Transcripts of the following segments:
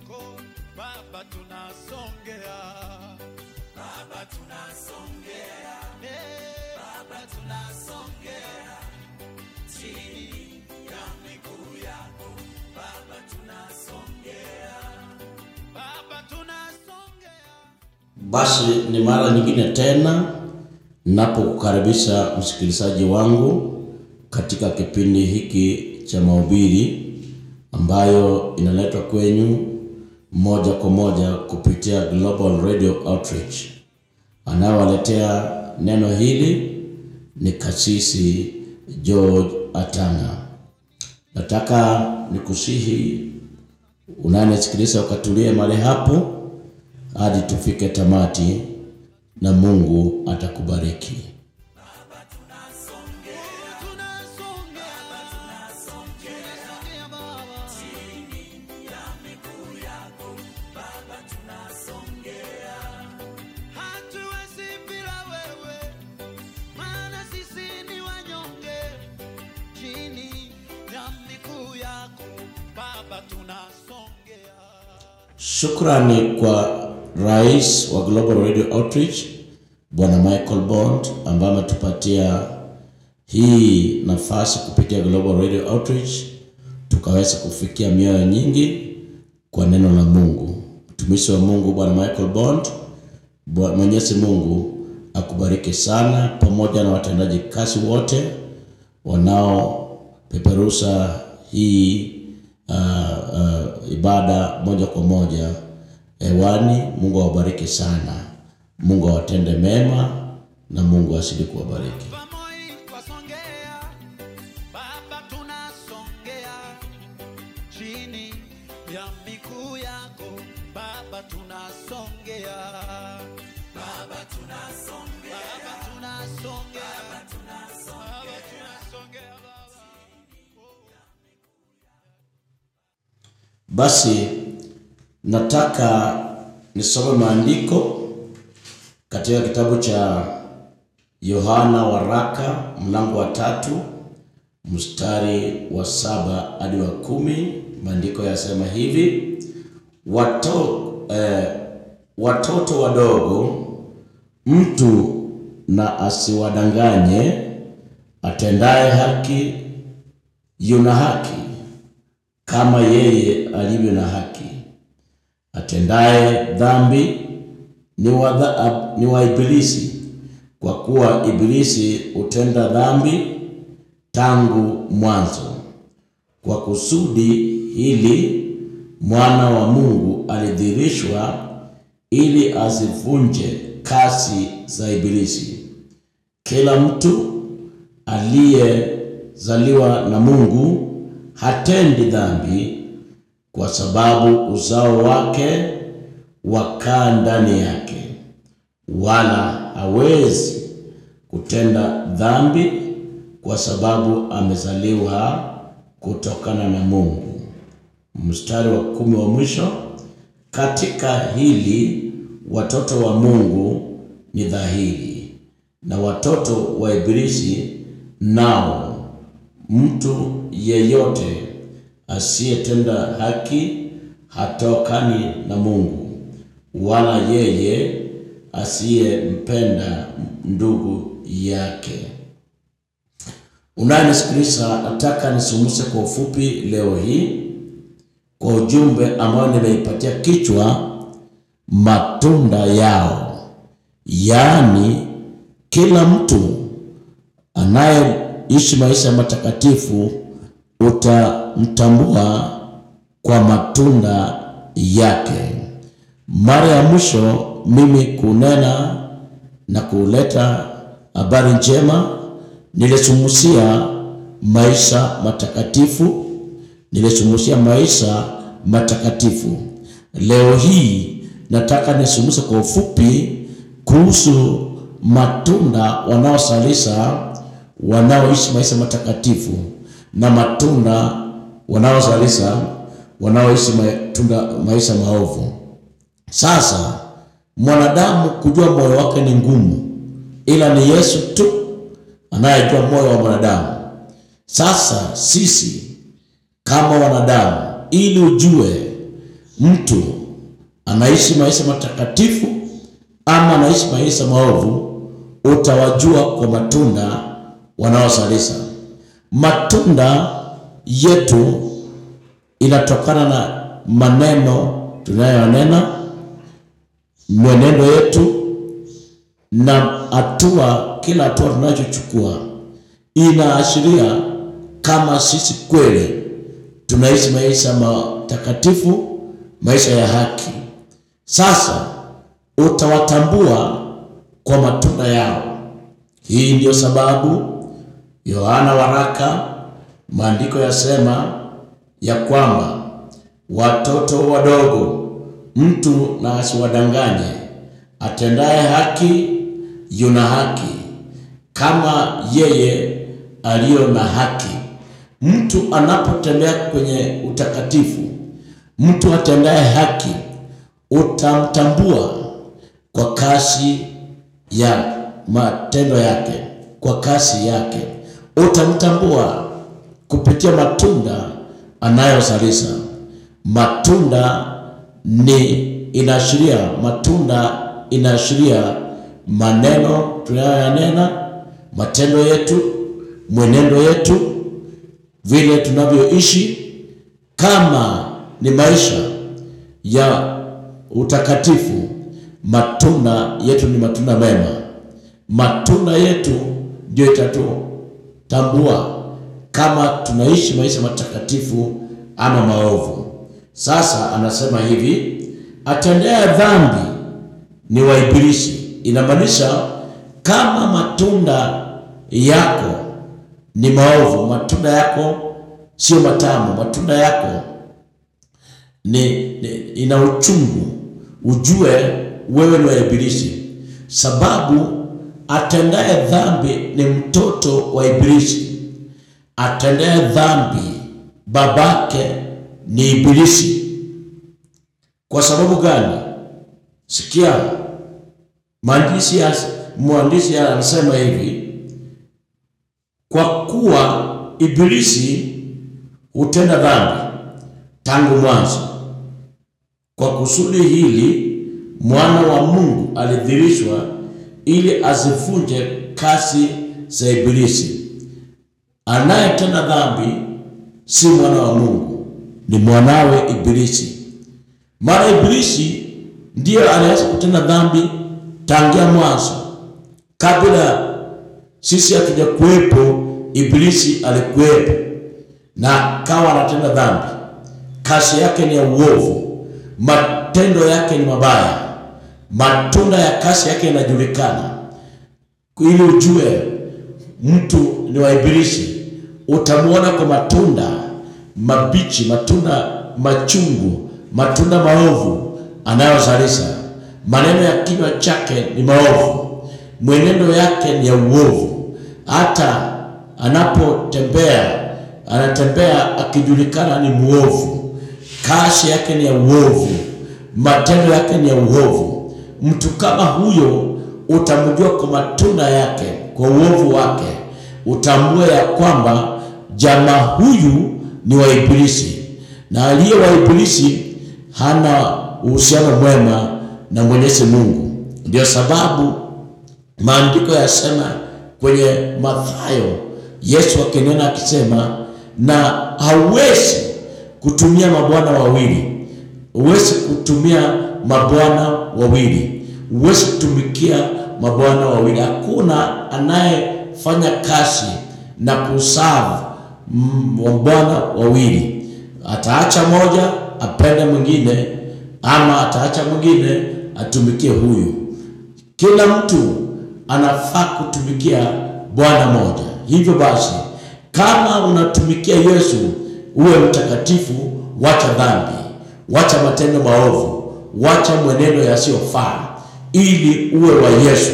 yako Baba tunasongea, Baba tunasongea, hey, eh. Baba tunasongea chini ya miguu yako Baba tunasongea, Baba tunasongea. Basi ni mara nyingine tena napokukaribisha msikilizaji wangu katika kipindi hiki cha mahubiri ambayo inaletwa kwenyu moja kwa moja kupitia Global Radio Outreach. Anayewaletea neno hili ni Kasisi George Atanga. Nataka nikusihi unanisikiliza ukatulie mahali hapo hadi tufike tamati, na Mungu atakubariki. tunasongea, hatuwezi bila wewe, maana sisi ni wanyonge chini ya miguu yako Baba, tunasongea. Shukrani kwa Rais wa Global Radio Outreach Bwana Michael Bond ambaye ametupatia hii nafasi kupitia Global Radio Outreach tukaweza kufikia mioyo nyingi kwa neno la Mungu mtumishi wa Mungu Bwana Michael Bond. Mwenyezi Mungu akubariki sana, pamoja na watendaji kazi wote wanaopeperusha hii uh, uh, ibada moja kwa moja hewani. Mungu awabariki sana, Mungu awatende mema na Mungu asidi kuwabariki. Basi nataka nisome maandiko katika kitabu cha Yohana waraka mlango wa tatu mstari wa saba hadi wa kumi. Maandiko yasema hivi Wato, eh, watoto wadogo, mtu na asiwadanganye, atendaye haki yuna haki kama yeye alivyo na haki. Atendaye dhambi ni wa, dha, ni wa Ibilisi, kwa kuwa Ibilisi hutenda dhambi tangu mwanzo. Kwa kusudi hili mwana wa Mungu alidhihirishwa ili azivunje kasi za Ibilisi. Kila mtu aliyezaliwa na Mungu hatendi dhambi kwa sababu uzao wake wakaa ndani yake, wala hawezi kutenda dhambi kwa sababu amezaliwa kutokana na Mungu. Mstari wa kumi wa mwisho, katika hili watoto wa Mungu ni dhahiri na watoto wa Ibilisi nao Mtu yeyote asiyetenda haki hatokani na Mungu, wala yeye asiyempenda ndugu yake. Unayenisikiliza, nataka nisumuse kwa ufupi leo hii kwa ujumbe ambao nimeipatia kichwa matunda yao, yaani kila mtu anaye ishi maisha matakatifu, utamtambua kwa matunda yake. Mara ya mwisho mimi kunena na kuleta habari njema, nilisumusia maisha matakatifu, nilisumusia maisha matakatifu. Leo hii nataka nisumuse kwa ufupi kuhusu matunda wanaosalisha wanaoishi maisha matakatifu na matunda wanaozalisha wanaoishi matunda maisha maovu. Sasa mwanadamu kujua moyo wake ni ngumu, ila ni Yesu tu anayejua moyo wa mwanadamu. Sasa sisi kama wanadamu, ili ujue mtu anaishi maisha matakatifu ama anaishi maisha maovu, utawajua kwa matunda wanaozalisa. Matunda yetu inatokana na maneno tunayonena, mwenendo yetu na hatua, kila hatua tunachochukua inaashiria kama sisi kweli tunaishi maisha matakatifu, maisha ya haki. Sasa utawatambua kwa matunda yao. Hii ndio sababu Yohana waraka, maandiko yasema ya kwamba watoto wadogo, mtu na asiwadanganye, atendaye haki yuna haki kama yeye aliyo na haki. Mtu anapotembea kwenye utakatifu, mtu atendaye haki utamtambua kwa kasi ya matendo yake, kwa kasi yake utamtambua kupitia matunda anayozalisha. Matunda ni inaashiria, matunda inaashiria maneno tunayoyanena, matendo yetu, mwenendo yetu, vile tunavyoishi. Kama ni maisha ya utakatifu, matunda yetu ni matunda mema. Matunda yetu ndio itatu Tambua kama tunaishi maisha matakatifu ama maovu. Sasa anasema hivi, atendea dhambi ni wa Ibilisi. Inamaanisha kama matunda yako ni maovu, matunda yako sio matamu, matunda yako ni, ni ina uchungu, ujue wewe ni wa Ibilisi sababu Atendaye dhambi ni mtoto wa Ibilisi, atendaye dhambi babake ni Ibilisi. Kwa sababu gani? Sikia, mwandishi anasema hivi, kwa kuwa Ibilisi hutenda dhambi tangu mwanzo. Kwa kusudi hili mwana wa Mungu alidhirishwa ili azifunje kasi za Ibilisi. Anayetenda dhambi si mwana wa Mungu, ni mwanawe Ibilisi. Maana Ibilisi ndiyo anaweza kutenda dhambi tangia mwanzo, kabla sisi hatuja kuwepo, Ibilisi alikuwepo na kawa anatenda dhambi. Kasi yake ni ya uovu, matendo yake ni mabaya matunda ya kasi yake yanajulikana, ili ujue mtu ni waibirishi Utamuona kwa matunda mabichi, matunda machungu, matunda maovu anayozalisha. Maneno ya kinywa chake ni maovu, mwenendo yake ni ya uovu. Hata anapotembea anatembea akijulikana ni muovu, kasi yake ni ya uovu, matendo yake ni ya uovu. Mtu kama huyo utamjua kwa matunda yake, kwa uovu wake, utambue ya kwamba jamaa huyu ni wa Ibilisi, na aliye wa Ibilisi hana uhusiano mwema na Mwenyezi Mungu. Ndio sababu maandiko yasema kwenye Mathayo, Yesu akinena akisema, na hauwezi kutumia mabwana wawili, huwezi kutumia mabwana wawili. Huwezi kutumikia mabwana wawili. Hakuna anayefanya kazi na kusavu mabwana wawili, ataacha moja apende mwingine, ama ataacha mwingine atumikie huyu. Kila mtu anafaa kutumikia Bwana moja. Hivyo basi, kama unatumikia Yesu, uwe mtakatifu, wacha dhambi, wacha matendo maovu wacha mwenendo yasiyofaa ili uwe wa Yesu.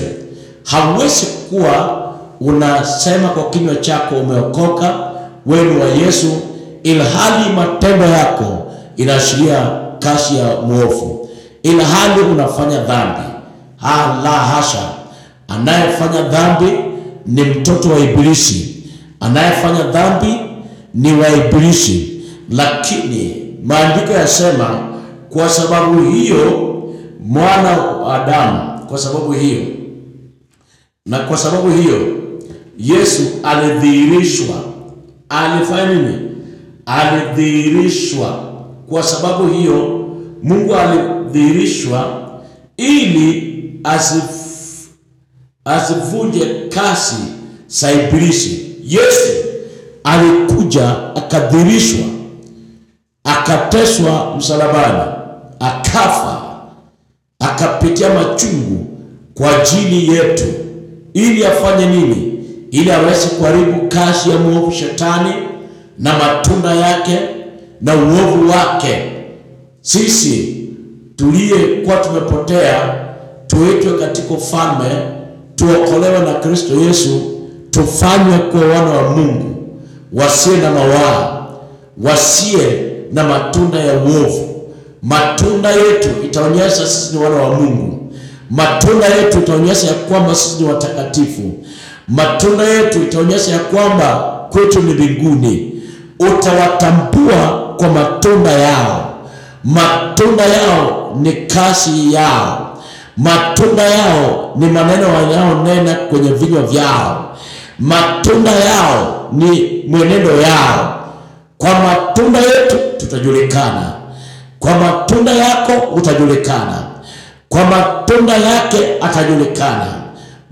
Hauwezi kuwa unasema kwa kinywa chako umeokoka, wewe ni wa Yesu, ilhali matendo yako inaashiria kasi ya mwovu, ilhali unafanya dhambi. La hasha! Anayefanya dhambi ni mtoto wa Ibilisi, anayefanya dhambi ni wa Ibilisi, lakini maandiko yasema kwa sababu hiyo mwana wa Adamu, kwa sababu hiyo na kwa sababu hiyo Yesu alidhihirishwa, alifanya nini? Alidhihirishwa. Kwa sababu hiyo Mungu alidhihirishwa ili asif, asivunje kasi za Ibilisi. Yesu alikuja akadhihirishwa, akateswa msalabani akafa akapitia machungu kwa ajili yetu, ili afanye nini? Ili aweze kuharibu kazi ya mwovu shetani na matunda yake na uovu wake. Sisi tuliyekuwa tumepotea tuitwe katika ufalme, tuokolewe na Kristo Yesu, tufanywe kuwa wana wa Mungu, wasiye na mawaa, wasiye na matunda ya uovu Matunda yetu itaonyesha sisi ni wana wa Mungu. Matunda yetu itaonyesha ya kwamba sisi ni watakatifu. Matunda yetu itaonyesha ya kwamba kwetu ni mbinguni. Utawatambua kwa matunda yao. Matunda yao ni kasi yao. Matunda yao ni maneno wanayonena kwenye vinywa vyao. Matunda yao ni mwenendo yao. Kwa matunda yetu tutajulikana. Kwa matunda yako utajulikana, kwa matunda yake atajulikana.